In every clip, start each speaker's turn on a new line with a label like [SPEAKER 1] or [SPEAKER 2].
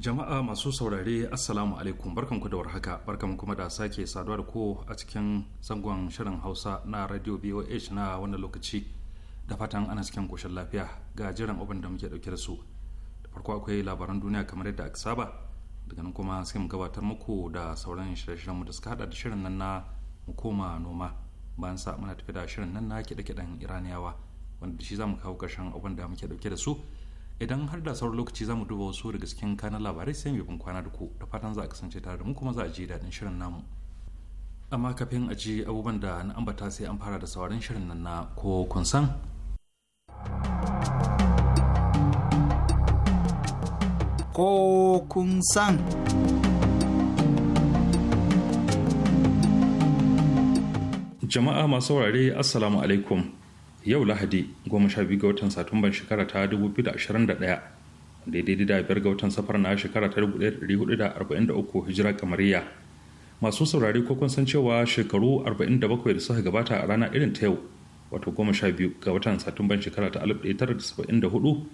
[SPEAKER 1] Jama'a masu saurare Assalamu alaikum barkan ku da warhaka barkan kuma da sake saduwa da ko a cikin zangon shirin Hausa na Radio BOH na wannan lokaci da fatan ana cikin koshin lafiya ga jiran abin da muke dauke da su. Da farko akwai labaran duniya kamar yadda aka saba daga nan kuma sai mu gabatar muku da sauran shirye-shiryen mu da suka hada da shirin nan na mu koma noma bayan sa muna tafi da shirin nan na kiɗe-kiɗen Iraniyawa wanda shi za mu kawo ƙarshen abin da muke dauke da su. idan har da sauran lokaci za mu duba wasu daga cikin kanan labarai sai mu bin kwana da ku da fatan za a kasance tare da mu kuma za a ji daɗin shirin namu amma kafin a ji abubuwan da na ambata sai an fara da sauran shirin nan na ko kun san
[SPEAKER 2] ko kun san
[SPEAKER 1] jama'a masu saurare assalamu alaikum yau lahadi 12 ga watan satumban shekara ta 2021 daidai da biyar ga watan safar na shekara ta 1443 hijira kamariya masu saurari ko kun san cewa shekaru 47 da suka gabata a rana irin ta yau wato 12 ga watan satumban shekara ta 1974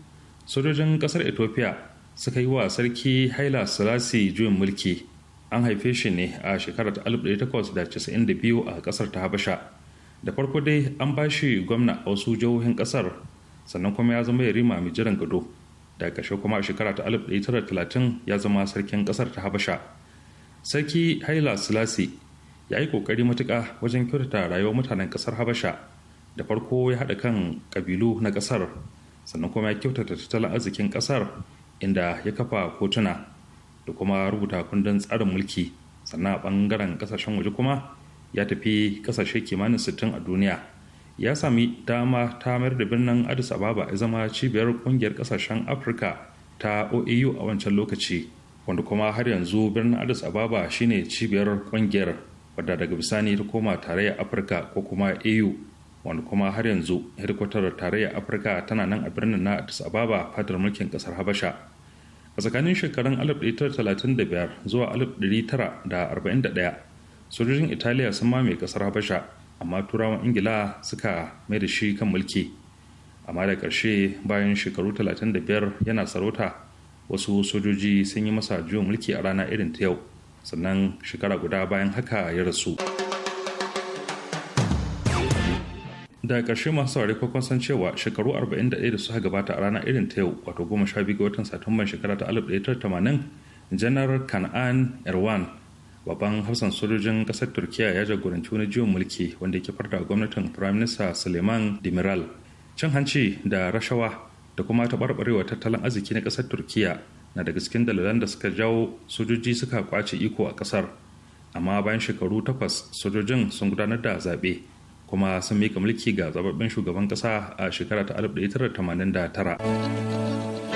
[SPEAKER 1] sojojin kasar ethiopia suka yi wa sarki haila salasi juyin mulki an haife shi ne a shekara ta 1892 a kasar ta habasha da farko dai an ba shi gwamna a wasu jihohin kasar sannan kuma ya zama yarima mai jiran gado da ƙarshe kuma a shekara ta 1930 ya zama sarkin kasar ta habasha sarki haila silasi ya yi ƙoƙari matuka wajen kyautata rayuwar mutanen ƙasar habasha da farko ya haɗa kan ƙabilu na ƙasar sannan kuma ya kyautata tattalin arzikin ƙasar inda ya kafa kotuna da kuma rubuta kundin tsarin mulki sannan a ɓangaren ƙasashen waje kuma ya tafi kasashe kimanin sittin a duniya ya sami dama ta mayar da birnin addis ababa ya zama cibiyar kungiyar kasashen afirka ta oau a wancan lokaci wanda kuma har yanzu birnin addis ababa shine cibiyar kungiyar wadda daga bisani ta koma tarayyar afirka ko kuma au wanda kuma har yanzu hedikwatar tarayyar afirka tana nan a birnin na addis ababa fadar mulkin kasar habasha a tsakanin shekarun 1935 zuwa 1941 sojojin italiya sun mame kasar habasha amma turawan ingila suka mai da shi kan mulki amma da ƙarshe bayan shekaru 35 yana sarauta wasu sojoji sun yi masa juyin mulki a rana irin ta yau sannan shekara guda bayan haka ya rasu da ƙarshe masu saurari kwakwan san cewa shekaru 41 da suka gabata a rana irin ta yau wato 12 ga watan satumban shekara ta 1980 janar kan'an erwan babban hafsan sojojin kasar turkiya ya jagoranci wani jiwon mulki wanda ke farda gwamnatin prime minister suleiman demiral cin hanci da rashawa da kuma taɓarɓarewa tattalin arziki na kasar turkiya na daga cikin dalilan da suka jawo sojoji suka kwace iko a kasar amma bayan shekaru takwas sojojin sun gudanar da zaɓe kuma sun mika mulki ga zababben shugaban ƙasa a shekara ta 1989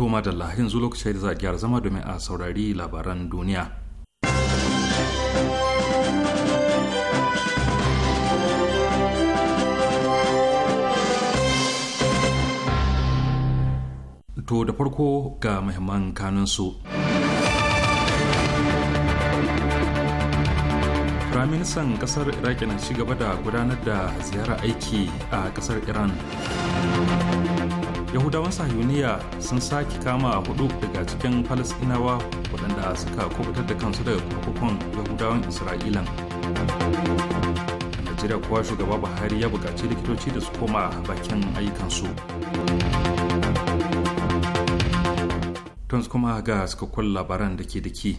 [SPEAKER 1] To madalla yanzu lokacin da za a gyara zama domin a saurari labaran duniya. To da farko ga muhimman kanunsu. Firaministan kasar Iraki na ci gaba da gudanar da ziyara aiki a kasar Iran. yahudawan sahyuniya sun sake kama hudu daga cikin falasinawa waɗanda suka kubutar da kansu daga kurkukun yahudawan isra'ilan a najeriya kuwa shugaba buhari ya buƙaci likitoci da su koma bakin ayyukansu tons kuma ga cikakkun labaran da ke da ke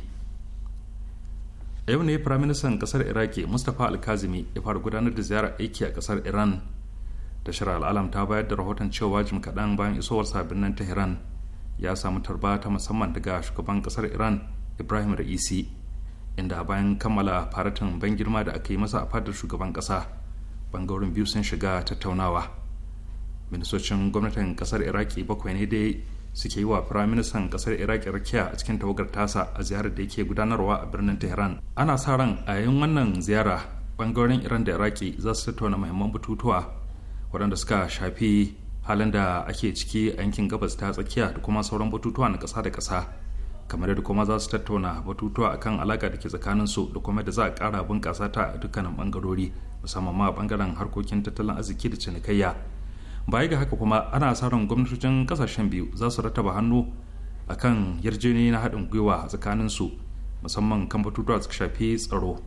[SPEAKER 1] a yau ne firaministan ƙasar iraki mustapha alkazimi ya fara gudanar da ziyarar aiki a ƙasar iran tashar al'alam ta bayar da rahoton cewa jim kaɗan bayan isowar sabbin nan tehran ya samu tarba ta musamman daga shugaban ƙasar iran ibrahim ra'isi inda bayan kammala faratin ban girma da aka yi masa a fadar shugaban ƙasa bangaren biyu sun shiga tattaunawa ministocin gwamnatin ƙasar iraki bakwai ne dai suke yi wa firaministan ƙasar iraki rakiya a cikin tawagar tasa a ziyarar da yake gudanarwa a birnin tehran ana sa ran a yayin wannan ziyara bangaren iran da iraki za su tattauna muhimman bututuwa. waɗanda suka shafi halin da ake ciki a yankin gabas ta tsakiya da kuma sauran batutuwa na ƙasa da ƙasa kamar da kuma za su tattauna batutuwa akan alaƙa da ke tsakanin su da kuma da za a ƙara bunƙasa ta a dukkanin ɓangarori musamman ma a ɓangaren harkokin tattalin arziki da cinikayya baya ga haka kuma ana sa ran gwamnatocin ƙasashen biyu za su rattaba hannu akan yarjejeniyoyi na haɗin gwiwa tsakanin su musamman kan batutuwa suka shafi tsaro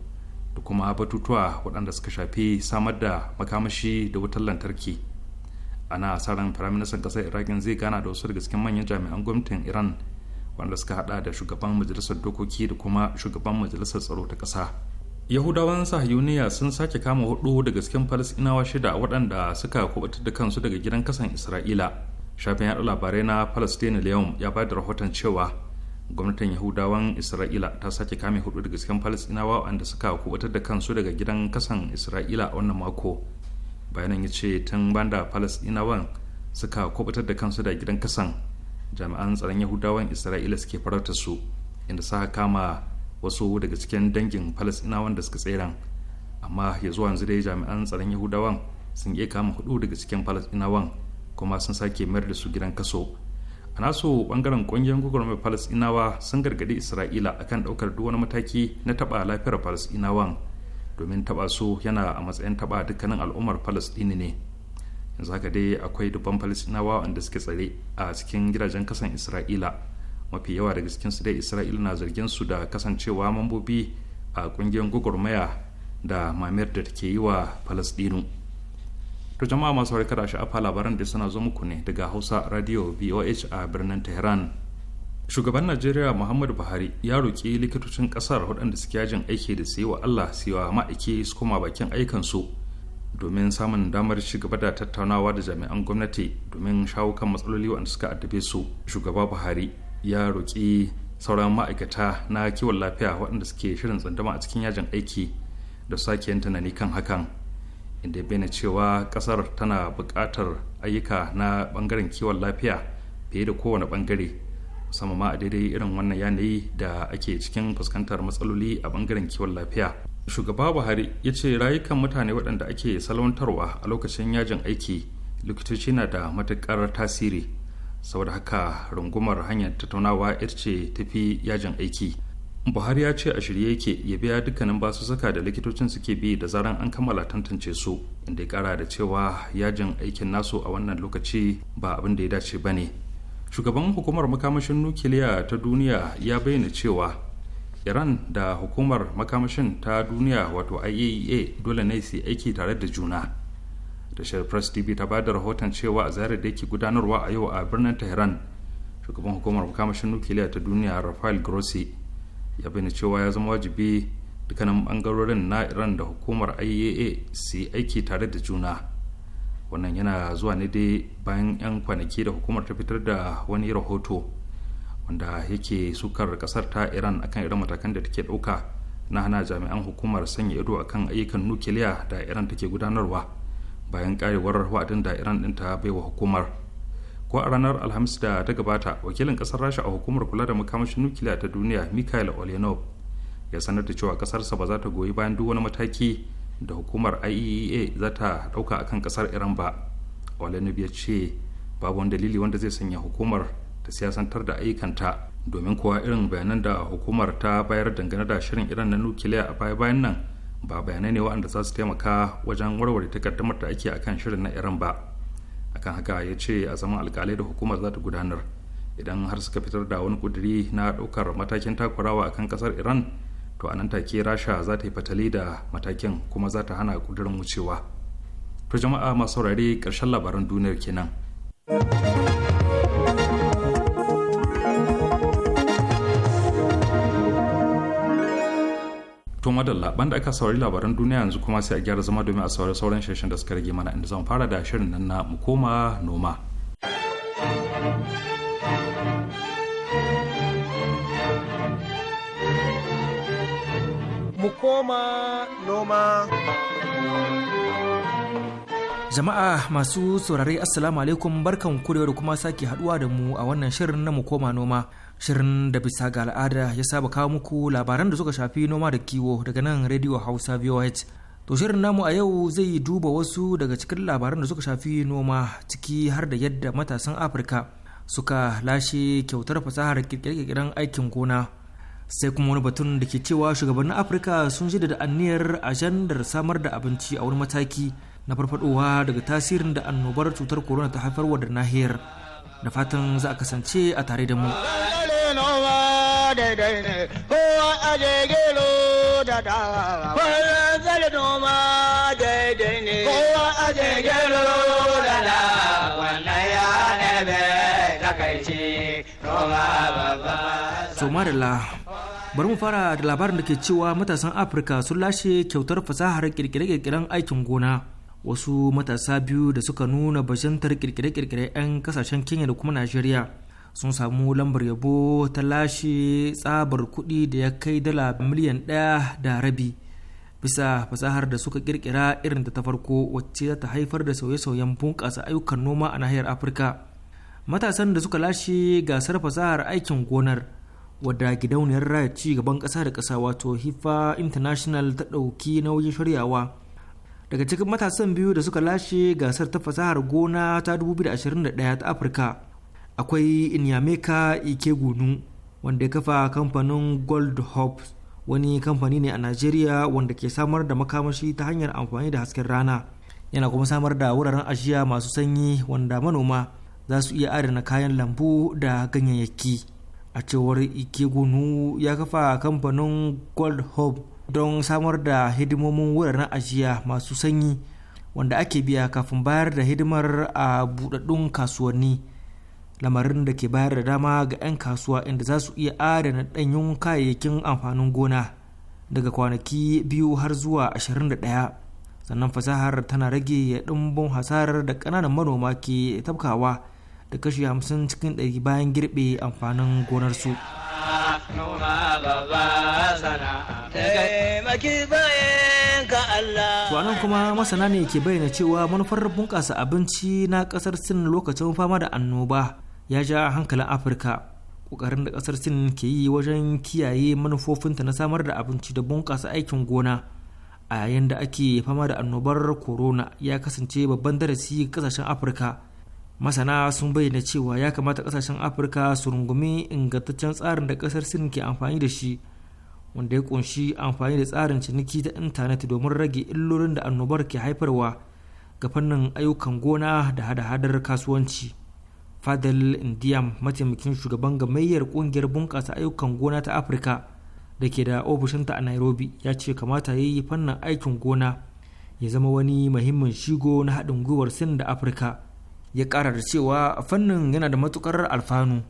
[SPEAKER 1] da kuma batutuwa waɗanda suka shafi samar da makamashi da wutar lantarki ana sa ran firaministan ƙasar iraqin zai gana da wasu daga cikin manyan jami'an gwamnatin iran wanda suka hada da shugaban majalisar dokoki da kuma shugaban majalisar tsaro ta ƙasa yahudawan sahiyuniya sun sake kama hudu daga cikin falasinawa shida waɗanda suka kubutar da kansu daga gidan kasan isra'ila shafin yaɗa labarai na palestine leon ya ba da rahoton cewa gwamnatin yahudawan isra'ila ta sake kame hudu daga cikin falasinawa wanda suka kubutar da kansu daga gidan kasan isra'ila a wannan mako bayanan ya ce tun banda falasinawan suka kubutar da kansu daga gidan kasan jami'an tsaron yahudawan isra'ila suke farauta su inda suka kama wasu daga cikin dangin falasinawan da suka tseren amma ya zuwa yanzu dai jami'an tsaron yahudawan sun iya kama hudu daga cikin falasinawan kuma sun sake mayar da su gidan kaso a nasu bangaren kungiyar gwagwarmar falasinawa sun gargadi isra'ila akan daukar duk wani mataki na taba lafiyar falasinawan domin taba su yana a matsayin taba dukkanin al'ummar falasdini ne yanzu haka dai akwai dubban falasinawa wanda suke tsare a cikin gidajen kasan isra'ila mafi yawa daga cikin su dai isra'ila na zargin su da kasancewa mambobi a kungiyar gwagwarmaya da mamayar da take yi wa falasdinu to jama'a masu warkar da sha'afa labaran da suna zo muku ne daga hausa radio voh a birnin tehran shugaban najeriya muhammadu buhari ya roƙi likitocin ƙasar waɗanda suke yajin aiki da su yi wa allah su yi wa ma'aiki su koma bakin aikansu domin samun damar ci da tattaunawa da jami'an gwamnati domin shawo kan matsaloli waɗanda suka addabe su shugaba buhari ya roƙi sauran ma'aikata na kiwon lafiya waɗanda suke shirin tsandama a cikin yajin aiki da sake yin tunani kan hakan inda ya bayyana cewa kasar tana buƙatar ayyuka na ɓangaren kiwon lafiya fiye da kowane ɓangare musamman ma a daidai irin wannan yanayi da ake cikin fuskantar matsaloli a ɓangaren kiwon lafiya shugaba buhari ya ce rayukan mutane waɗanda ake salwantarwa a lokacin yajin aiki likitoci na da matuƙar tasiri saboda haka rungumar hanyar tattaunawa ita ce tafi yajin aiki buhari ya ce a shirye yake ya biya dukkanin saka da likitocin suke bi da zaran an kammala tantance su inda ya kara da cewa yajin aikin nasu a wannan lokaci ba abin da ya dace ba ne shugaban hukumar makamashin nukiliya ta duniya ya bayyana cewa iran da hukumar makamashin ta duniya wato iaea e dole ne su aiki tare da juna tashar press tv ta bada rahoton cewa a zarar da yake gudanarwa a yau a birnin tehran shugaban hukumar makamashin nukiliya ta duniya rafael grossi ya bani cewa ya zama wajibi dukkanin bangarorin na iran da hukumar IAA su yi aiki tare da juna wannan yana zuwa ne dai bayan 'yan kwanaki da hukumar ta fitar da wani rahoto wanda yake sukar kasar ta iran akan irin matakan da take ɗauka na hana jami'an hukumar sanya ido akan ayyukan nukiliya da iran take gudanarwa bayan karewar wa'adin da iran ɗin ta wa hukumar ko a ranar alhamis da ta gabata wakilin kasar rasha a hukumar kula da makamashin nukiliya ta duniya mikhail olenov ya sanar da cewa kasarsa ba za ta goyi bayan duk wani mataki da hukumar iaea e za ta dauka akan kasar iran ba olenov ya ce babu wani dalili wanda zai sanya hukumar ta siyasantar da ayyukanta domin kowa irin bayanan da hukumar ta bayar dangane da shirin iran na nukiliya a baya bayan nan ba bayanai ne waɗanda za su taimaka wajen warware takardamar da ake akan shirin na iran ba akan haka ya ce a zaman alkalai da hukumar za ta gudanar idan har suka fitar da wani kuduri na ɗaukar matakin takurawa kan ƙasar iran to a nan take rasha za ta yi fatali da matakin kuma za ta hana kudurin wucewa to jama'a masu saurari ƙarshen labaran duniyar kenan. madalla da aka saurari labaran duniya yanzu kuma sai a gyara zama domin a saurari sauran shirin da suka rage mana inda zan fara da shirin nan na mu koma noma.
[SPEAKER 3] Mu koma noma.
[SPEAKER 4] Jama'a masu saurare Assalamu alaikum barkan kurewa da kuma sake haduwa da mu a wannan shirin na mu koma noma. Shirin da bisa ga al'ada ya saba kawo muku labaran da suka shafi noma da kiwo daga nan Radio Hausa VOH. To shirin namu a yau zai duba wasu daga cikin labaran da suka shafi noma ciki har da yadda matasan Afirka suka lashe kyautar fasahar kirkire aikin gona. Sai kuma wani batun da ke cewa shugabannin Afirka sun shida da anniyar ajandar samar da abinci a wani mataki na farfadowa daga tasirin da annobar cutar corona ta haifar wa da nahiyar da fatan za a kasance a tare da mu Somarila bari mu fara da labarin da ke cewa matasan afirka sun lashe kyautar fasahar kirkire-kirkiren aikin gona wasu matasa biyu da suka nuna bajantar kirkire-kirkire 'yan kasashen kenya da kuma najeriya sun samu lambar yabo ta lashe tsabar kuɗi da ya kai dala miliyan ɗaya da rabi bisa fasahar da suka kirkira irin ta farko wacce za ta haifar da sauye-sauyen bunƙasa ayyukan noma a nahiyar afirka matasan da suka lashe gasar fasahar aikin gonar wadda gidauniyar raya ci gaban ƙasa da ƙasa wato hifa international ta ɗauki nauyin shiryawa daga cikin matasan biyu da suka lashe gasar ta fasahar gona ta 2021 ta afirka akwai inyameka ikegunu wanda ya kafa kamfanin gold hops wani kamfani ne a nigeria wanda ke samar da makamashi ta hanyar amfani da hasken rana yana kuma samar da wuraren ajiya masu sanyi wanda manoma za su iya adana kayan lambu da ganyayyaki a cewar ikegunu ya kafa kamfanin gold hope don samar da hidimomin wuraren ajiya masu sanyi wanda ake biya kafin bayar da hidimar a buɗaɗɗun kasuwanni lamarin da ke bayar da dama ga 'yan kasuwa inda za su iya adana ɗanyun kayayyakin amfanin gona daga kwanaki biyu har zuwa 21 sannan fasahar tana rage ya hasarar da ƙananan manoma ke tafkawa da kashi 50 cikin ɗari bayan girbe amfanin gonarsu. su anan kuma masana ne ke bayyana cewa manufar bunƙasa abinci na ƙasar Sin lokacin fama da annoba ya ja hankalin Afirka. Ƙoƙarin da ƙasar Sin ke yi wajen kiyaye manufofinta na samar da abinci da bunƙasa aikin gona a yayin da ake fama da annobar corona ya kasance babban darasi ƙasashen Afirka. masana sun bayyana cewa ya kamata kasashen afirka su rungumi ingantaccen tsarin da kasar sin ke amfani da shi wanda ya kunshi amfani da tsarin ciniki ta intanet domin rage illolin da annobar ke haifarwa ga fannin ayyukan gona da hada-hadar kasuwanci fadal indiam mataimakin shugaban gamayyar kungiyar bunƙasa ayyukan gona ta afirka da ke da ofishinta a nairobi ya ce kamata ya yi fannin aikin gona ya zama wani muhimmin shigo na haɗin gwiwar sin da afirka ya kara da cewa fannin yana da matukar alfanu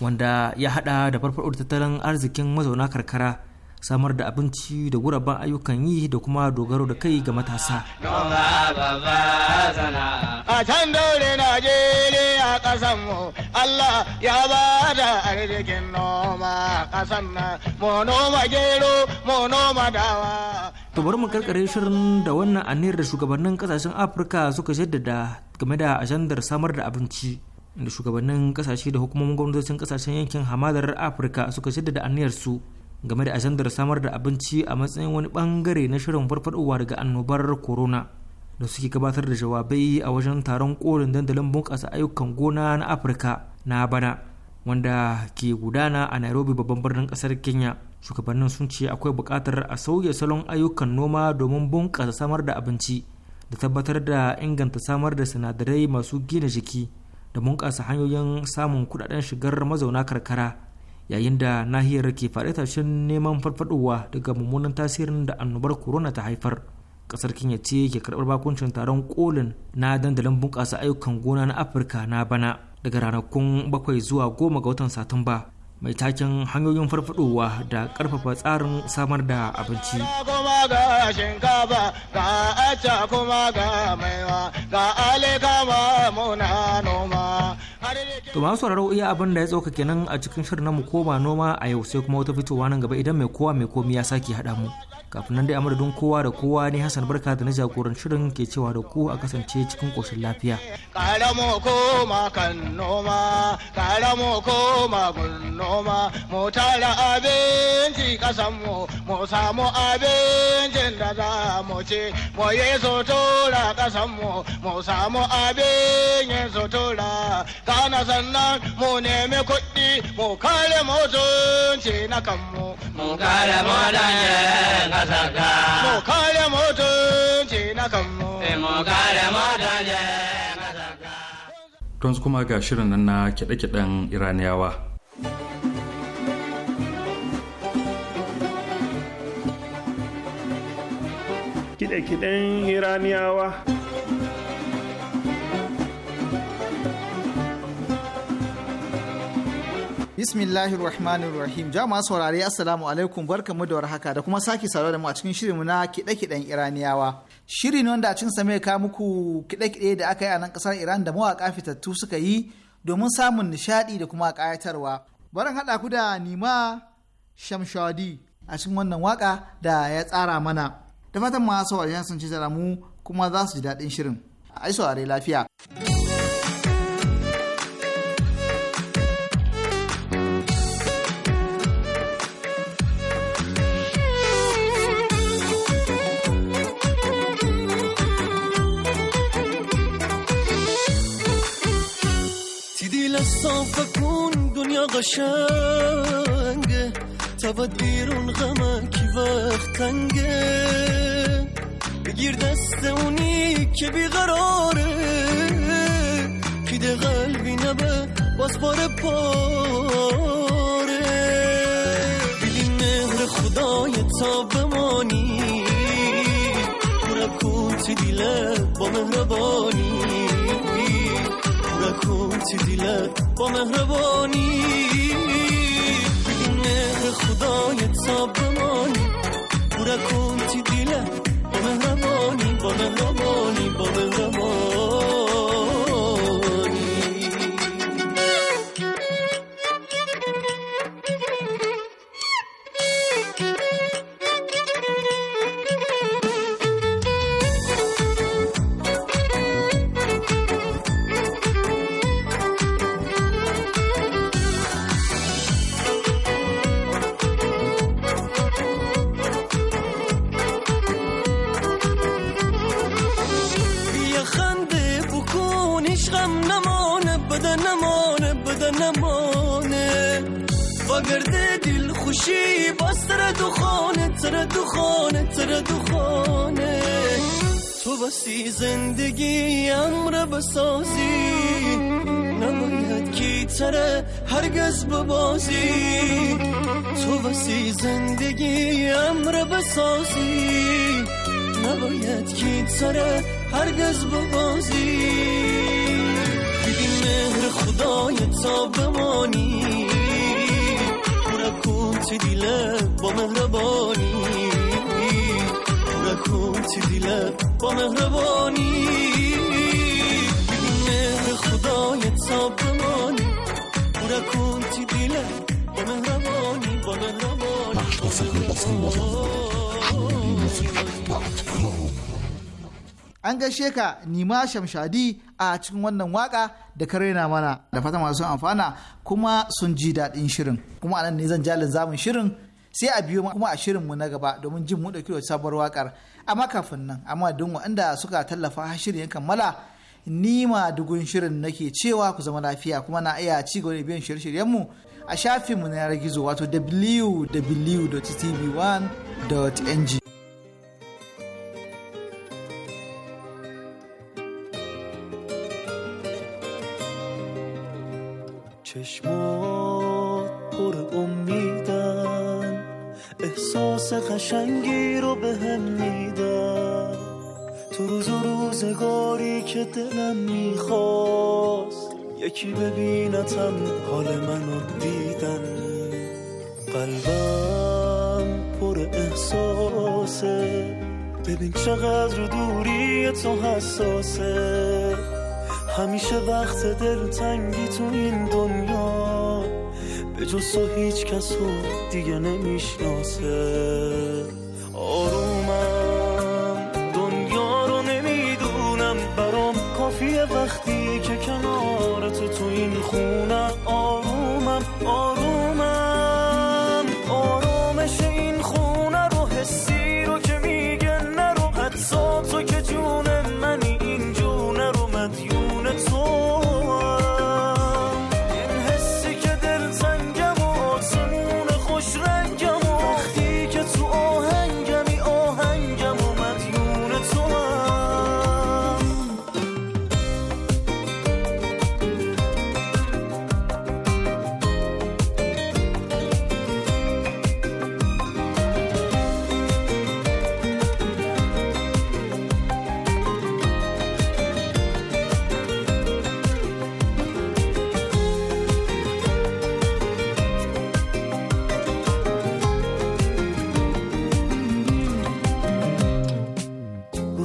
[SPEAKER 4] wanda ya hada da farfaɗo tattalin arzikin mazauna karkara samar da abinci da guraben ayyukan yi da kuma dogaro da kai ga matasa.
[SPEAKER 2] A can daure Najeriya ƙasan mu Allah ya ba da arzikin noma kasan na mu noma gero mu noma dawa.
[SPEAKER 4] to bari mu karkare shirin da wannan aniyar da shugabannin kasashen afirka suka jaddada game da ajandar samar da abinci da shugabannin kasashe da hukumomin gwamnatocin kasashen yankin hamadar afirka suka jaddada anniyar su game da ajandar samar da abinci a matsayin wani bangare na shirin farfadowa daga annobar corona da suke gabatar da jawabai a wajen taron korin dandalin bunƙasa ayyukan gona na afirka na bana wanda ke gudana a nairobi babban birnin kasar kenya shugabannin sun ce akwai bukatar a sauya salon ayyukan noma domin bunƙasa samar da abinci da tabbatar da inganta samar da sinadarai masu gina jiki da bunƙasa hanyoyin samun kuɗaɗen shigar mazauna karkara yayin da nahiyar ke faɗi tashin neman farfadowa daga mummunan tasirin da annobar corona ta haifar ƙasar kenya ce ke karɓar bakuncin taron kolin na dandalin bunƙasa ayyukan gona na afirka na bana daga ranakun bakwai zuwa goma ga watan satumba mai taken hanyoyin farfadowa da karfafa tsarin samar da abinci.
[SPEAKER 2] kuma ga shinkafa ga aca kuma ga maiwa ga alikama muna noma
[SPEAKER 4] To masu sauraro iya abin da ya tsoka kenan a cikin shirin namu koma noma a yau sai kuma wata fitowa nan gaba idan mai kowa mai komi ya sake haɗa mu. Kafin nan dai a madadin kowa da kowa ne Hassan Barka da na jagoran shirin ke cewa da ku a kasance cikin koshin lafiya.
[SPEAKER 2] Kare mu koma kan noma, kare mu koma gun noma, mu tara abinci ƙasan mu, mu samu abincin da za mu ci, mu yi sutura ƙasan mu, mu samu abin yin sutura. kana sannan mu nemi kuɗi mu kare mutunci na kanmu. Mu kare mutunci ƙasar ka. Mu kare mutunci na kanmu. Eh, mu kare mutunci ƙasar ka.
[SPEAKER 1] Tun kuma ga shirin nan na kiɗe-kiɗen Iraniyawa.
[SPEAKER 3] Kiɗe-kiɗen
[SPEAKER 2] Iraniyawa. Bismillahir Rahmanir Rahim. masu saurare Assalamu alaikum barkamu da warhaka da kuma sake saurare da mu a cikin shirinmu na kiɗe-kiɗen Iraniyawa. Shiri ne wanda a cikin same ka muku kiɗe-kiɗe da aka yi a nan ƙasar Iran da mawaƙa fitattu suka yi domin samun nishaɗi da kuma ƙayatarwa. Barin haɗa ku da Nima Shamshadi a cikin wannan waƙa da ya tsara mana. Da fatan masu saurare sun ci mu kuma za su ji daɗin shirin. Ai saurare lafiya.
[SPEAKER 3] قشنگه تبد بیرون غمه کی وقت تنگه بگیر دست اونی که بیقراره پیده قلبی نبه باز پاره پاره بیدی مهر خدای تا بمانی پورم دیله با مهربانی کن دل با مهربانی این مهر خدای تا بمانی بورا کن تی با مهربانی با مهربانی با مهربانی نمره بسازی نباید گیتره هرگز ببازی تو وسی زندگی امر بسازی نباید گیتره هرگز ببازی دیدی مهر خدای تا بمانی کن تی دیله با مهربانی کن تی دیله با مهربانی An
[SPEAKER 2] gaishe ka Nima Shamshadi a cikin wannan waka da ka raina mana da fata masu amfana kuma sun ji daɗin shirin. Kuma anan ne zan jalin zamun shirin sai a biyo kuma a shirin mu na gaba domin jin mu kiwo sabuwar wakar. Amma kafin nan, amma don waɗanda suka tallafa shirin ya kammala ni ma dugun shirin nake cewa ku zama lafiya kuma na iya ci gaba da biyan shirye-shiryenmu a shafinmu na yanar gizo wato www.tv1.ng
[SPEAKER 3] چشمات پر امیدن احساس قشنگی روزگاری که دلم میخواست یکی ببینتم حال منو دیدن قلبم پر احساسه ببین چقدر دوری تو حساسه همیشه وقت دل تنگی تو این دنیا به جز تو هیچ کسو دیگه نمیشناسه Merci.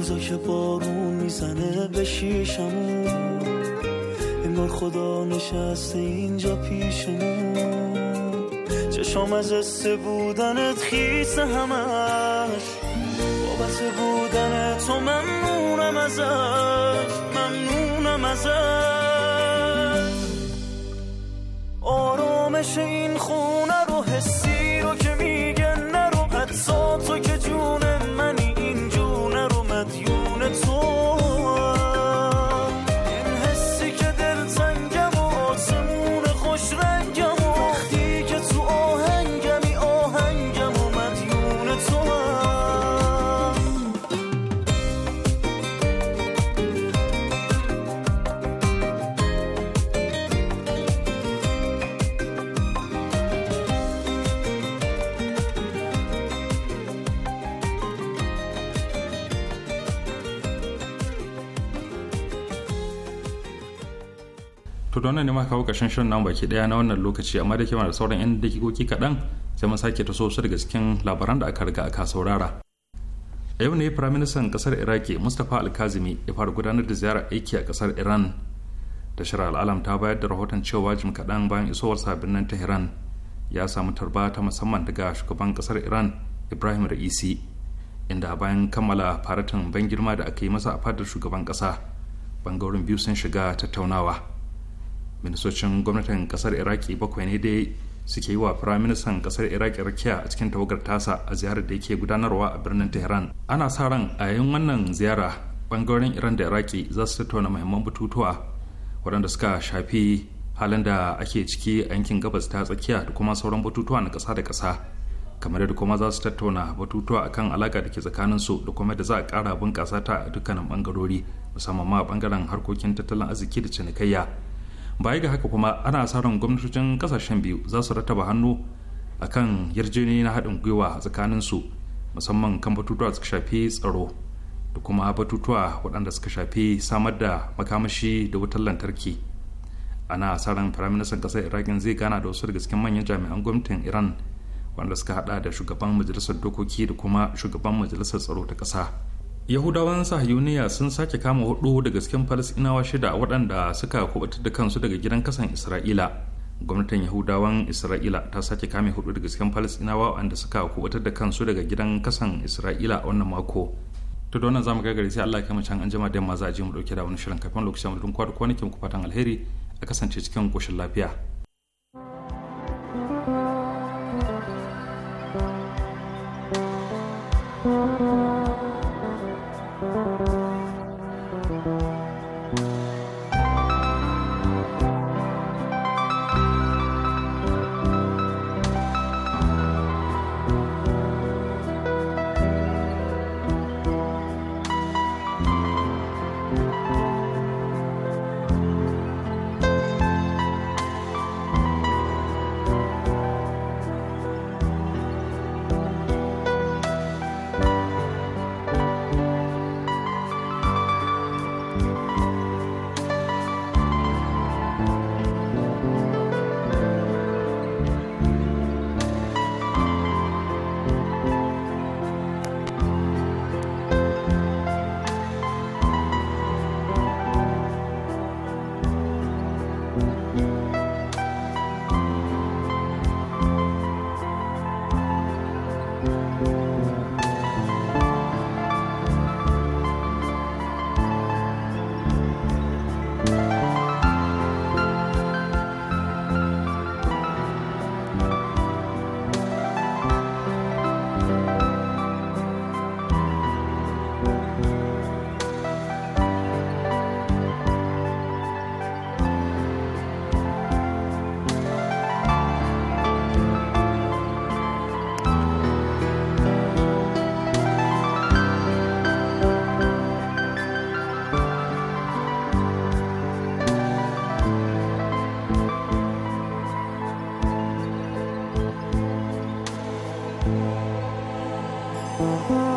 [SPEAKER 3] روزا که بارون میزنه به شیشمون انگار خدا نشسته اینجا پیشمون چشام از قصه بودنت خیس همش بابت بودن تو ممنونم ازش ممنونم ازش آرامش این خونه
[SPEAKER 1] to don ne ma kawo ƙarshen shirin nan baki ɗaya na wannan lokaci amma da kima da sauran 'yan dakikoki kaɗan sai mun sake ta so su daga cikin labaran da aka riga aka saurara a yau ne firaministan ƙasar iraki mustapha alkazimi ya fara gudanar da ziyarar aiki a ƙasar iran da shirar al'alam ta bayar da rahoton cewa jim kaɗan bayan isowar sabbin nan tehran ya samu tarba ta musamman daga shugaban kasar iran ibrahim ra'isi inda bayan kammala faratin ban girma da aka yi masa a fadar shugaban ƙasa bangarorin biyu sun shiga tattaunawa ministocin gwamnatin kasar iraki bakwai ne dai suke yi wa firaministan kasar iraki rakiya a cikin tawagar tasa a ziyarar da yake gudanarwa a birnin tehran ana sa ran a yayin wannan ziyara bangaren iran da iraki za su tattauna mahimman batutuwa waɗanda suka shafi halin da ake ciki a yankin gabas ta tsakiya da kuma sauran batutuwa na ƙasa da ƙasa kamar da kuma za su tattauna batutuwa akan alaka da ke tsakanin su da kuma da za a ƙara bunƙasa ta a dukkanin bangarori musamman ma bangaren harkokin tattalin arziki da cinikayya baya ga haka kuma ana sa ran gwamnatocin kasashen biyu za su rattaba hannu a kan yarjejeniyoyi na haɗin gwiwa tsakanin su musamman kan batutuwa suka shafi tsaro da kuma batutuwa waɗanda suka shafi samar da makamashi da wutar lantarki ana sa firaministan ƙasar iraqin zai gana da wasu daga cikin manyan jami'an gwamnatin iran wanda suka hada da shugaban majalisar dokoki da kuma shugaban majalisar tsaro ta ƙasa yahudawan sahiyuniya sun sake kama hudu daga cikin falasinawa shida waɗanda suka kubutar da kansu daga gidan kasan isra'ila gwamnatin yahudawan isra'ila ta sake kame hudu daga cikin falasinawa waɗanda suka kubutar da kansu daga gidan kasan isra'ila a wannan mako to da wannan zamu gagare sai Allah ya kama can an jima da yamma za a je mu dauke da wani shirin kafin lokacin mu dun kwa da kwanakin ku fatan alheri a kasance cikin koshin lafiya
[SPEAKER 5] Thank you.